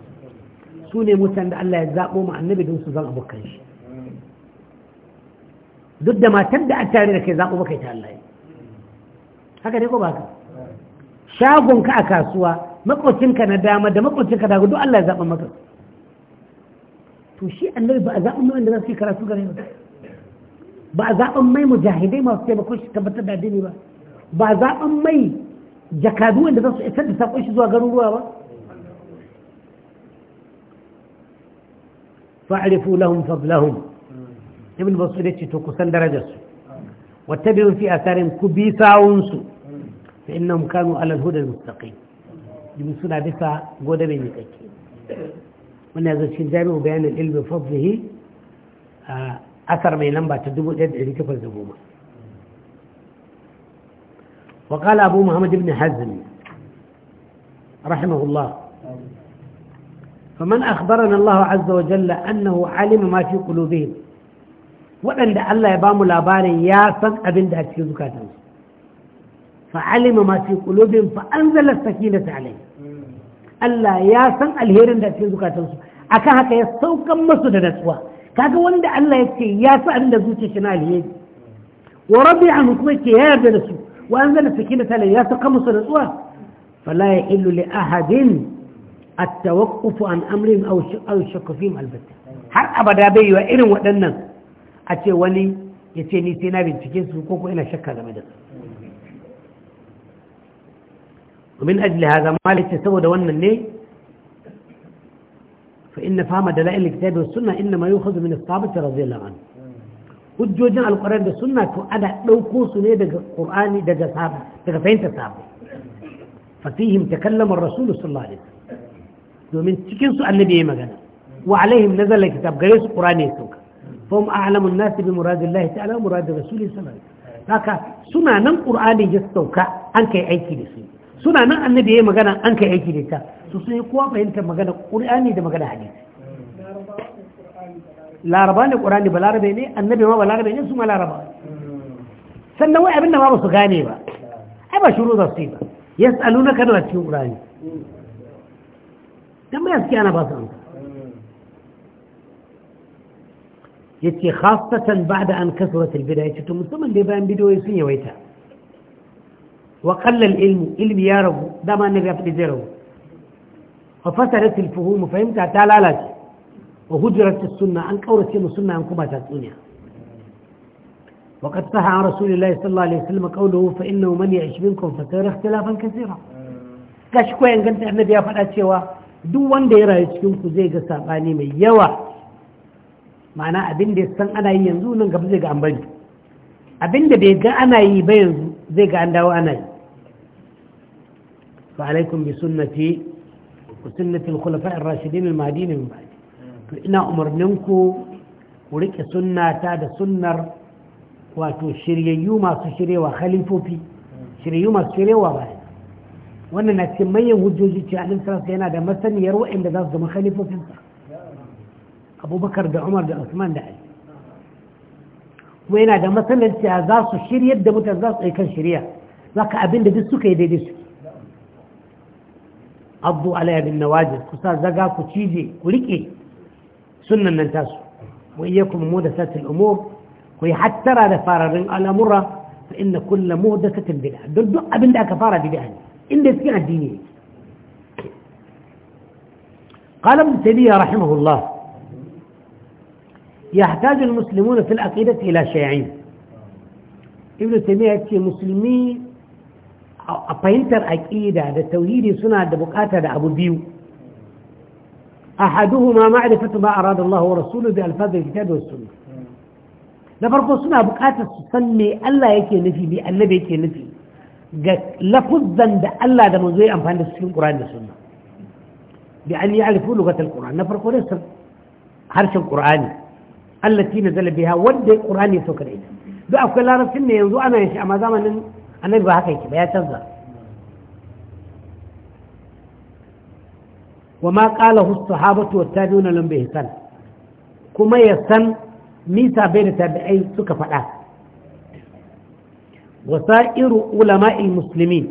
su ne mutane da Allah ya zaɓo ma annabi don su zan abokan shi duk da matar da an tare da kai zaɓo kai ta Allah haka dai ko ba ka shagonka a kasuwa makocinka na dama da makocinka na duk Allah ya zaɓa maka to shi annabi ba a zaɓin mai wanda za su yi karatu gare ba ba a zaɓin mai mujahidai masu taimakon shi tabbatar da addini ba ba a zaɓin mai jakadu wanda za su isar da sakon shi zuwa garuruwa ba fa'rifu lahum fadlahum ibn basir yace to kusan darajar su wattabi'u fi atharin kubi sawun su fa innahum kanu ala al-huda al-mustaqim yin suna bisa gode mai mikakke wannan yanzu cikin jami'u bayanin ilmi fadlihi a asar mai lamba ta 1810 وقال أبو محمد بن حزم رحمه الله فمن أخبرنا الله عز وجل أنه علم ما في قلوبهم وأن الله يبام الأبار ياسا أبن ده في زكاتهم فعلم ما في قلوبهم فأنزل السكينة عليه الله ياسا الهيرن ده في زكاتهم أكا هكا يستوكا مصد نسوا kaga wanda Allah ya ce ya sa abin da zuciya shi na alheri wa rabbi an kuma ke ya yarda da su wa an zana sakinata ya saka musu natsuwa fala ya illu li ahadin التوقف عن أمرهم أو الشك فيهم البتة har abada bai yiwa irin waɗannan a ce wani ya ce ni sai na bincike su ko ko ina shakka game da su min ajli haza malice saboda wannan ne fa inna fama dalail alkitabi was sunna inna hujjojin alquran da sunna to ada dauko su ne daga qur'ani rasul domin cikin su annabi yayi magana wa alaihim nazala kitab gare su qur'ani ya sauka fa hum a'lamu an-nas bi muradillahi ta'ala murad rasulihi sallallahu alaihi haka suna nan qur'ani ya sauka an kai aiki da su suna nan annabi yayi magana an kai aiki da ita su sai kowa fahimtar magana qur'ani da magana hadisi laraba ne qur'ani ba larabe ne annabi ma ba larabe ne su ma laraba sannan wai abinda ma ba su gane ba ai ba shuru za su yi ba yas'alunaka da cikin qur'ani كم يبكي أنا بطن يتي خاصة بعد أن كثرت البدع يتي مسلم اللي بان بدو يسن ويتا وقل العلم علم يا رب ده النبي أفضل زيرو رب وفسرت الفهوم فهمتها تعالى وهجرت السنة أن كورت يم السنة أن كما تاتونيا وقد صح عن رسول الله صلى الله عليه وسلم قوله فإنه من يعيش منكم فسيرى اختلافا كثيرا آه. كشكوين قلت قلت النبي أفضل أتشوا duk wanda ya rayu cikin ku zai ga saɓani mai yawa ma'ana abin da ya san ana yi yanzu nan gaba zai ga an bari abin da bai ga ana yi ba yanzu zai ga an dawo ana yi fa alaikum bi sunnati wa sunnati al-khulafa'ir rashidin al-mahdiyyin min ba'di to ina umarnin ku ku rike sunnata da sunnar wato shiryayyu masu shirewa khalifofi shiryayyu masu shirewa ba wannan na cikin manyan hujjoji ce alim sarrafa yana da masaniyar waɗanda za su zama khalifofinsa abubakar da umar da usman da ali kuma yana da masaniyar cewa za su shiryar da mutane za su yi kan shirya za ka abin da duk suka yi daidai su abdu alaiya bin nawajir ku sa zaga ku cije ku rike sunan nan tasu wa da mudasatil umur ku yi hattara da fararin al'amura fa inna kulla mudasatin bid'a duk abin da aka fara bid'a ne inda cikin الدينية قال ابن تيمية رحمه الله يحتاج المسلمون في العقيدة إلى شيعين ابن تيمية يقول مسلمي أفهمتر عقيدة ده توحيدي سنة ده بقاتة ده أبو بيو أحدهما معرفة ما أراد الله ورسوله بألفاظ الكتاب والسنة نفرق سنة بقاتة تسمي ألا يكي نفي بألا النبي يكي نفي ga lafuzan da Allah da manzo ya amfani da cikin Qur'ani da Sunna bi an ya'rifu lughatal Qur'an na farko da harshen Qur'ani allati nazala biha wanda Qur'ani ya sauka da ita duk akwai larabcin ne yanzu ana yin shi amma zamanin annabi ba haka yake ba ya canza wa ma qalahu as-sahabatu wat-tabi'una lam bi kuma ya san bai da tabi'ai suka faɗa وسائر علماء المسلمين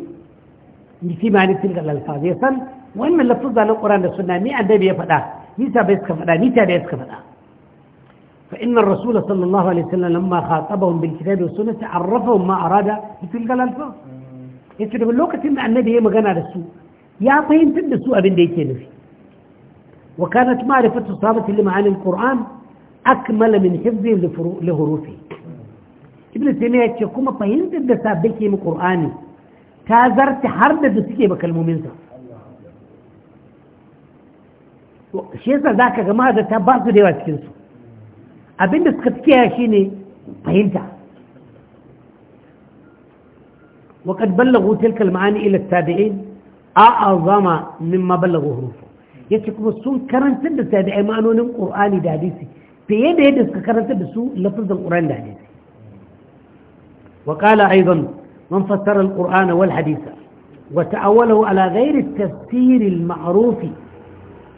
في معنى تلك الألفاظ يسن وإن من على القرآن والسنة مي النبي يفدا مي سابا يسكفدا مي تابا يسكفدا فإن الرسول صلى الله عليه وسلم لما خاطبهم بالكتاب والسنة عرفهم ما أراد بتلك الألفاظ يتدب اللوكة إن النبي ما قنا للسوء يا فهم تد السوء بين ديتين فيه وكانت معرفة الصحابة لمعاني القرآن أكمل من حفظهم لهروفه ibn taymiya ce kuma fahimtar da sabbi ke mu qur'ani ta zarta har da da suke ba kalmomin sa shi yasa zaka ga ma da ta ba su da yawa cikin su abinda suka ya shine fahimta وقد بلغوا تلك المعاني إلى التابعين أعظم مما بلغوا حروفه yace kuma sun karantar da tabi'ai ma'anonin Qur'ani da hadisi fiye da yadda suka karantar da su lafazin Qur'ani da hadisi وقال أيضا من فسر القرآن والحديث وتأوله على غير التفسير المعروف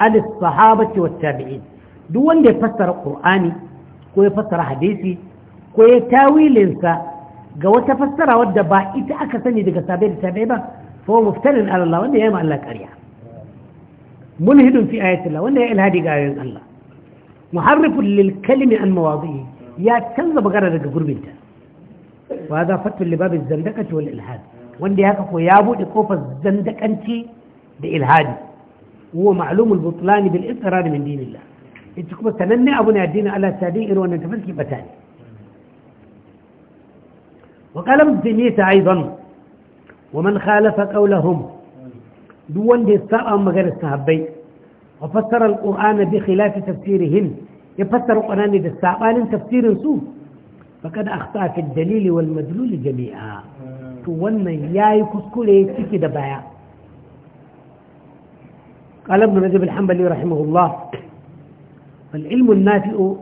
عن الصحابة والتابعين دون يفسر القرآن ويفسر حديثي ويتاويلنسا قوة فسر ودى بائت أكثني دقى سابير التابعين فهو مفترن على الله وانده يما الله كريا ملهد في آية الله وانده إلهادي قاية الله محرف للكلمة عن مواضيه يا تنزب قرر قربينته wa za fatul libabin zandakaci wani ilhad wanda ya ko ya buɗe kofar zandakanci da ilhadi wa ma'lumul butlani bil israr min dinillah ita kuma sananne abu ne addinin Allah ta din irin wannan tafarki bata ne wa qalam aidan wa man khalafa qawlahum duk wanda ya saba maganar sahabbai wa fassara alqur'ana bi khilafi tafsirihim ya fassara qur'ani da sabanin tafsirin su فقد أخطاء في الدليل والمدلول جميعا to wannan yayi kuskure ciki قال ابن رجب الحنبلي رحمه الله فالعلم النافع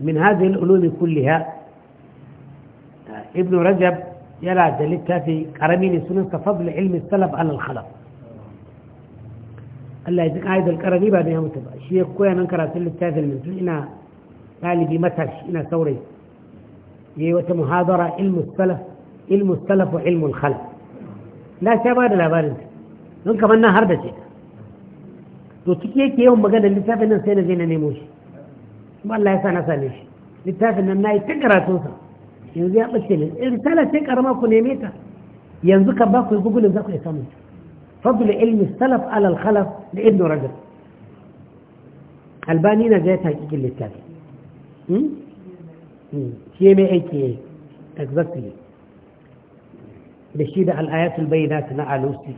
من هذه العلوم كلها ابن رجب يلا دلتها في كرمين سنة فضل علم السلف على الخلف الله يزيك عايد الكرمي ƙarami ba da ya mutu ba shi ya المنزل nan ɗalibi matashi ina saurayi yayi wata muhadara ilmu salaf ilmu salaf wa ilmu na sha ba da labarin don kamar nan har da ce to ciki yake yawan magana littafin nan sai na je na nemo shi kuma Allah ya sa na same shi littafin nan na yi ta karatunsa yanzu ya ɓace ne risala sai karama ku neme ta yanzu kan ba ku yi gugulin za ku yi samun fadlu ilmi salaf alal khalaf da ibnu rajab albani na ga ya taƙiƙin littafi Hmm? Hmm. shi mai aiki ne exactly da shi da al'ayatul bayyinat na alusi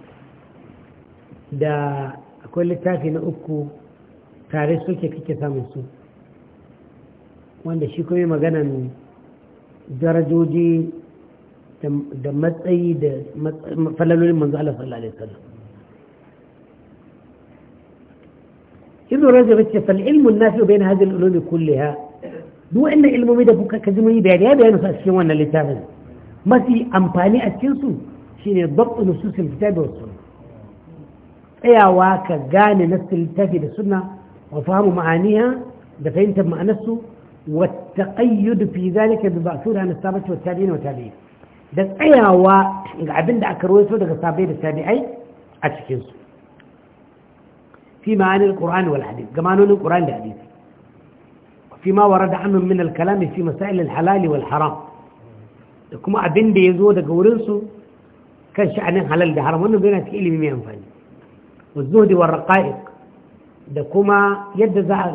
da akwai littafi na uku tare suke kake samun su wanda shi kuma maganan darajoji da matsayi da falalolin manzo Allah sallallahu alaihi wasallam ibn rajab ce fal ilmu nafi bain hadhihi al-ulum kullaha duk wanda ilmomi da kuka kaji mun yi bayani ya bayani su a cikin wannan littafin mafi amfani a cikin su shine dabtu nususil kitabi wasu sunna tsayawa ka gane nassin littafi da suna wa fahimu ma'aniya da fahimtar ma'anarsu wa taqayyud fi zalika bi ba'thura an sabati wa tabi'in wa tabi'in da tsayawa ga abin da aka rawaito daga sabai da tabi'ai a cikin su fi ma'anar qur'ani wal hadith ga manonin da hadisi فيما ورد عنه من الكلام في مسائل الحلال والحرام كما أبن دي يزود قورنسو كان kan حلال halal حرام وأنه بينا في إلي بمي أنفاني والزهد والرقائق da kuma yadda za a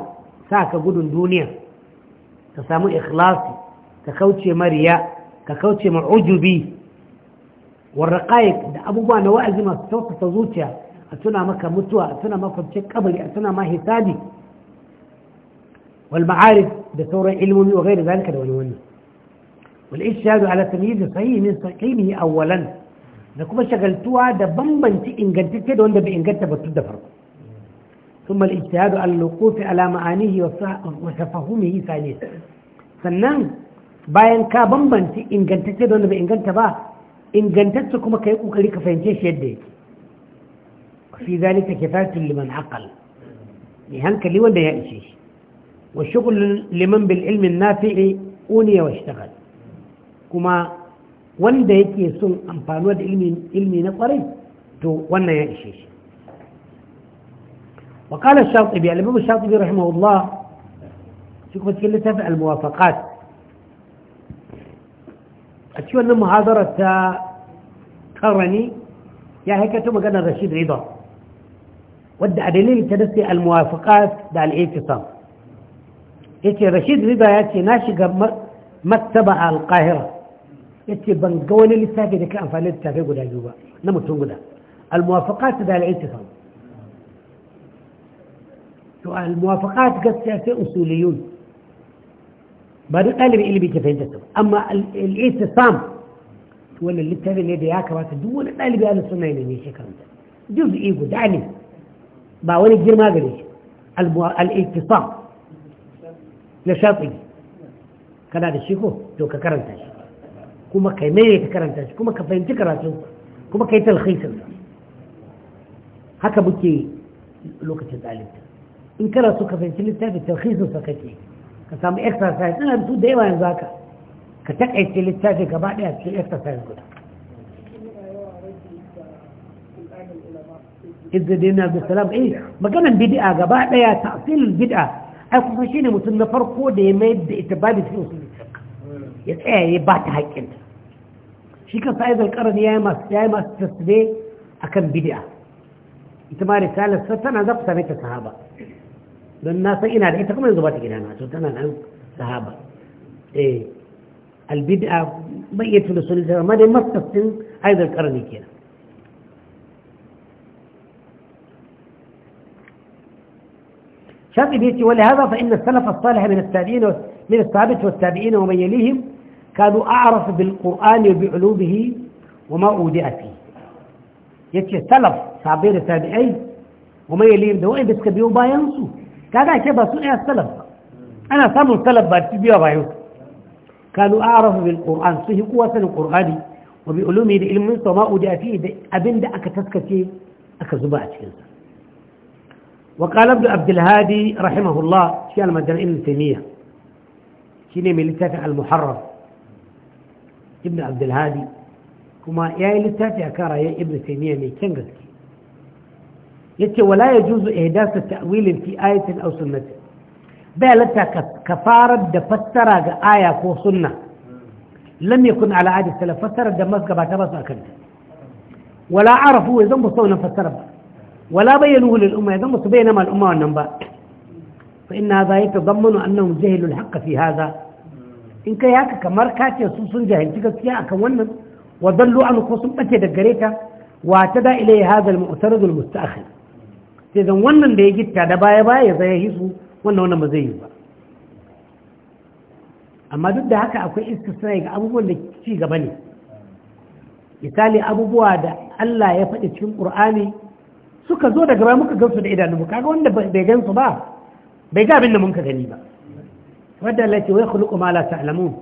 sa ka gudun duniya ka samu ikhlasi ka kauce mariya ka kauce ma'ujubi warraƙaik da abubuwa na wa'azi masu tausasa zuciya a tuna maka mutuwa a tuna maka kabari a ma hisabi wal ma'arif da sauran ilmomi wa gaira zalika da wani wani wal ishadu ala tamyiz sahih min saqimi awwalan da kuma shagaltuwa da bambanci ingantacce da inganta ba da farko ثم الاجتهاد على الوقوف على معانيه وتفهمه ثانيا sannan bayan ka bambanci ingantacce da wanda inganta ba ingantacce kuma ka yi kokari ka fahimce shi yadda yake fi zalika kifatun liman aqal mai hankali wanda ya ishe shi والشغل لمن بالعلم النافع أوني واشتغل كما وان دا يكي يسون أنفانوا علمي نقري تو وانا يأشيش وقال الشاطبي الأمام الشاطبي رحمه الله شكرا كلا تفع الموافقات أتشو أن محاضرة قرني يا هيك تم قدر رشيد رضا ودع دليل تدسي الموافقات دع الإيكسام يتي رشيد رباياتي ناشي مكتبة على القاهرة يتي بنقوني لساكي دي كأنفالي التافيق ولا جوبا نمو تنقل الموافقات دا الانتفال سؤال الموافقات قد سياسي أصوليون بادي قالب إلي بيتفين جسم أما الانتفال ولا اللي تبي اللي دي ياك بس دول اللي بيعلو سنين اللي شيء كم جزء إيه جد علي بعوني جير ما قريش الاتصال na shafi kana da shi ko to ka karanta shi kuma kai mai ka karanta shi kuma ka fahimci karatu kuma kai talhaisin haka muke lokacin ɗalibta in kana so ka fahimci littafin talhaisin sa kake ka samu exercise ina su da yawa yanzu haka ka takaice littafin gaba ɗaya cikin exercise guda izinin abdulsalam eh maganan bid'a gaba ɗaya ta'asilul bid'a ai kusan shine mutum na farko da ya mai da ita babu cikin usulul fiqh ya tsaya ya ba ta haƙƙinta shi kan sa'id al-qarni yayi masu yayi masu a kan bid'a ita ma risalar sa tana za ku same ta sahaba don na san ina da ita kuma yanzu ba ta gida na to tana nan sahaba eh al-bid'a bayyatu rasulullah amma dai masu tasbin sa'id al-qarni kenan شاطبي بيتي ولهذا فإن السلف الصالح من التابعين من الثابت والتابعين ومن يليهم كانوا أعرف بالقرآن وبعلومه وما أودع فيه يتي السلف صابير التابعين ومن يليهم ده بس بسك بيو باينسو كذا كيبا سنع السلف أنا سامو السلف بس بيو باينسو كانوا أعرف بالقرآن صحيح قوة القرآن وبعلومه وما أودع فيه ده أبن ده أكتسكتي أكزباء وقال ابن عبد الهادي رحمه الله في المدن ابن تيمية شيني من لتافع المحرر ابن عبد الهادي كما يا يا ابن مي yace wala ya juzu ihdasa ta'wilin fi ayatin aw ka farar da fassara ga aya ko sunna lam yakun ala adi da masgaba ta basu akan zan ba na wala bayyanuhu lil umma idan musu bayyana mal umma wannan ba fa inna za yatadammanu annahum jahilul haqq fi hadha in kai haka kamar kake ce su sun jahilci gaskiya akan wannan wa dallu ko sun bace da gare ta wa tada ilai hadha al mu'tarad al musta'khir sai dan wannan da ya gitta da baya baya zai hisu wannan wannan ba zai yi ba amma duk da haka akwai istisnai ga abubuwan da ci gaba ne misali abubuwa da Allah ya faɗi cikin Kur'ani. suka zo daga baya muka gansu da idanu kaga wanda bai gansu ba bai ga abin da muka gani ba wadda Allah ce wai khuluqu ma la ta'lamun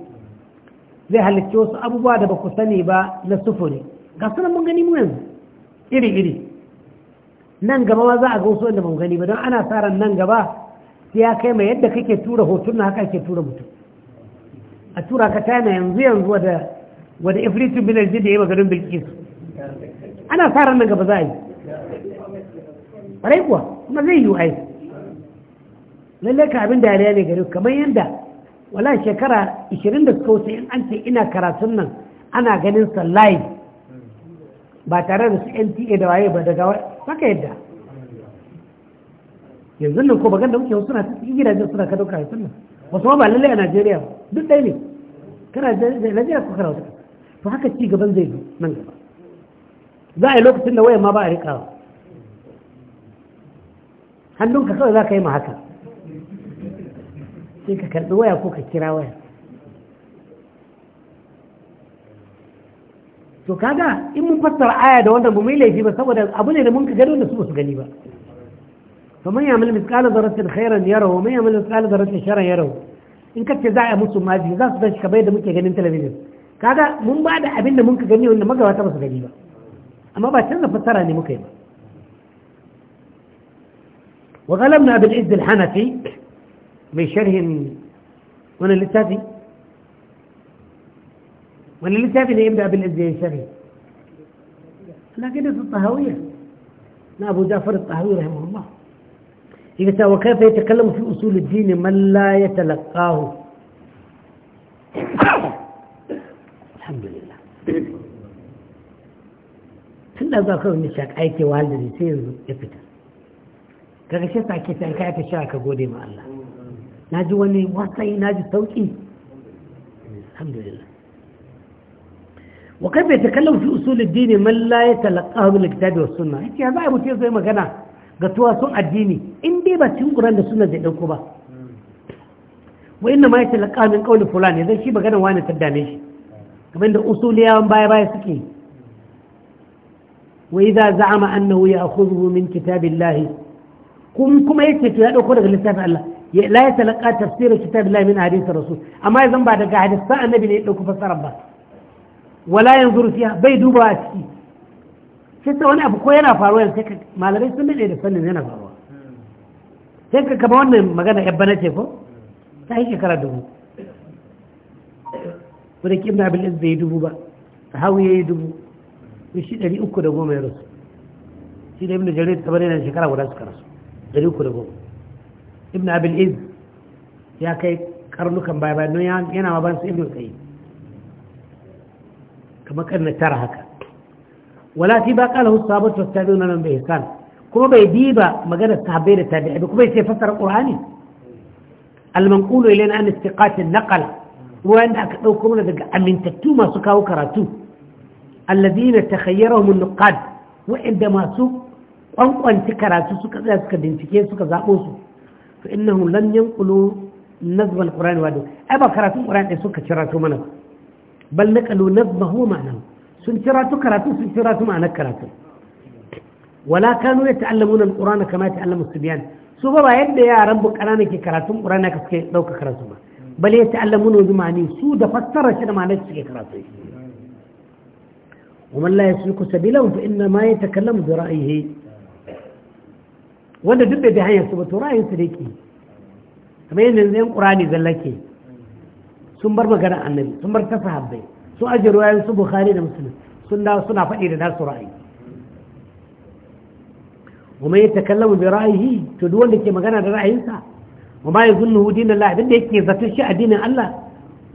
zai halicci wasu abubuwa da ba ku sani ba na sufuri ga sunan mun gani mu yanzu iri iri nan gaba ma za a ga wasu wanda mun gani ba don ana tsaron nan gaba sai ya kai mai yadda kake tura hoton haka ake tura mutum a tura ka tana yanzu yanzu wada wada ifritu bilal jide ya yayi maganin bilkisu ana tsaron nan gaba za a yi barai kuwa kuma zai yi wa'ai lallai ka abin dariya ne gari kamar yadda wala shekara 20 da suka wuce in an ce ina karatun nan ana ganin sa live ba tare da su nta da waye ba daga saka yadda yanzu nan ko bagan da muke suna ta cikin gidajen suna ka karatun nan wasu ma ba lallai a najeriya duk ɗaya ne kana najeriya ko karatun to haka ci gaban zai zo nan gaba za a yi lokacin da waye ma ba a rikawa hannunka kawai za ka yi ma haka sai ka karɓi waya ko ka kira waya to kaga in mun fassara aya da wannan mu yi laifi ba saboda abu ne da mun ka gano da su ba su gani ba man ya mil misqala daratin khairan wa man yamil misqala daratin sharran yara in ka ce za a musu maji za su tashi kamar da muke ganin talabijin kaga mun ba da abin da mun ka gani wanda magabata ba su gani ba amma ba canza fassara ne muka yi ba وغلبنا أبي الحنفي الحنفي بشرح وانا لسه في وانا لسه في يبدأ أبي العز شرح لكن الطهوية أبو جعفر الطهوي رحمه الله إذا وكيف يتكلم في أصول الدين من لا يتلقاه الحمد لله tun da za ايتي wani shaƙa aiki kaga shi sa ke san kai ka sha ka gode ma Allah na ji wani wasai na ji sauki alhamdulillah wa kai bai takallamu fi usulul dini man la yatalaqahu bil kitabi was sunna yace ya zai mutum zai magana ga tuwa addini in dai ba cikin Qur'an da sunna zai dauko ba wa inna ma yatalaqahu min qawli Fulani, zai shi magana wani ta dame shi kamar da usuliyawan baya baya suke wa idza za'ama annahu ya'khudhu min kitabillahi kuma yace to ya dauko daga littafin Allah ya la ya talaka tafsirin kitabillahi min hadisi rasul amma yanzu ba daga hadisan annabi ne ya dauko fassara ba wala yanzuru fiha bai duba a ciki sai ta wani abu ko yana faruwa yanzu sai malamai sun dade da sanin yana faruwa sai ka kama wannan magana yabba na ce ko ta yi shekara dubu wadda kim na bai dubu ba hau ya yi dubu shi ɗari uku da goma ya rasu shi da ibn jarir na shekara guda suka rasu ɗari uku da ibn iz ya kai karnukan baya bayan don yana ma su ibn kai kamar kan na tara haka wala fi ba kala hussa ba ta tabi nan bai hisan kuma bai diba magana sahabbai da tabi'i ba kuma ya ce fasara qur'ani al-manqulu ilayna an istiqat an-naqal ruwan da aka ɗauko mana daga amintattu masu kawo karatu allazina takhayyarahum an-nuqad wa'inda masu kwankwanci karatu suka tsaya suka bincike suka zaɓo su to innahu lam yanqulu nazm alqur'ani wa ai ba karatun qur'ani ɗaya suka cirato mana ba bal naqalu nazmahu wa ma'nahu sun cirato karatu sun cirato ma'anar karatu wala kanu ya ta'allamuna alqur'ana kama yata'allamu as-subyan su ba yadda yaran bu ƙanana ke karatun qur'ani ka suke dauka karatu ba bal yata'allamuna bi ma'ani su da fassara shi da ma'anar suke karatu ومن لا يسلك سبيله فإنما يتكلم برأيه wanda duk da bi hanyar su ba to ra'ayin su dake kamar yadda yanzu yan qur'ani zallake sun bar maganar annabi sun bar ta sahabbai sun aje ruwayan su bukhari da muslim sun da suna faɗi da nasu ra'ayi ومن يتكلم برأيه تدول لك مغانا رأيه انسا وما يظنه دين الله بده يكي ذاتش دين الله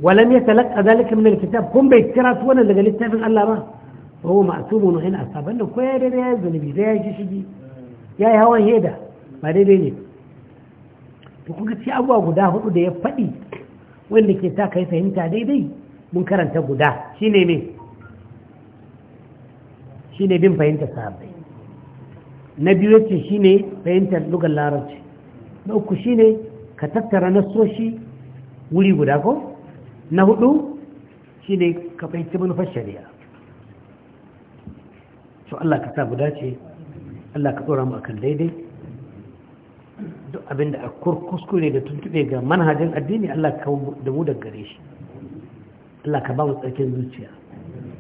ولم يتلقى ذلك من الكتاب قم بيتكرات وانا لقى للتابع الله ما وهو معصوم وحين أصابنه كوير da ذنبي shi جشجي ya yi hawan heda ba daidai ne to kuka ci abuwa guda hudu da ya faɗi wanda ke sa ka yi fahimta daidai mun karanta guda shi ne me shi ne bin fahimtar sahabbai na biyu yace shi ne fahimtar lugar larabci na uku shi ne ka tattara nasoshi wuri guda ko na hudu shi ne ka fahimci manufar shari'a to Allah ka sa guda ce Allah ka tsora mu akan daidai duk abinda a kuskure da tuntube ga manhajin addini Allah ka da mu daga gare shi Allah ka ba mu tsarkin zuciya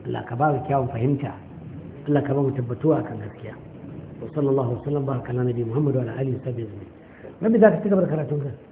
Allah ka ba mu kyawun fahimta Allah ka ba mu tabbatuwa akan gaskiya wa sallallahu alaihi wa sallam baraka ala nabi Muhammad wa ala alihi wa sahbihi rabbi za ka ci gaba da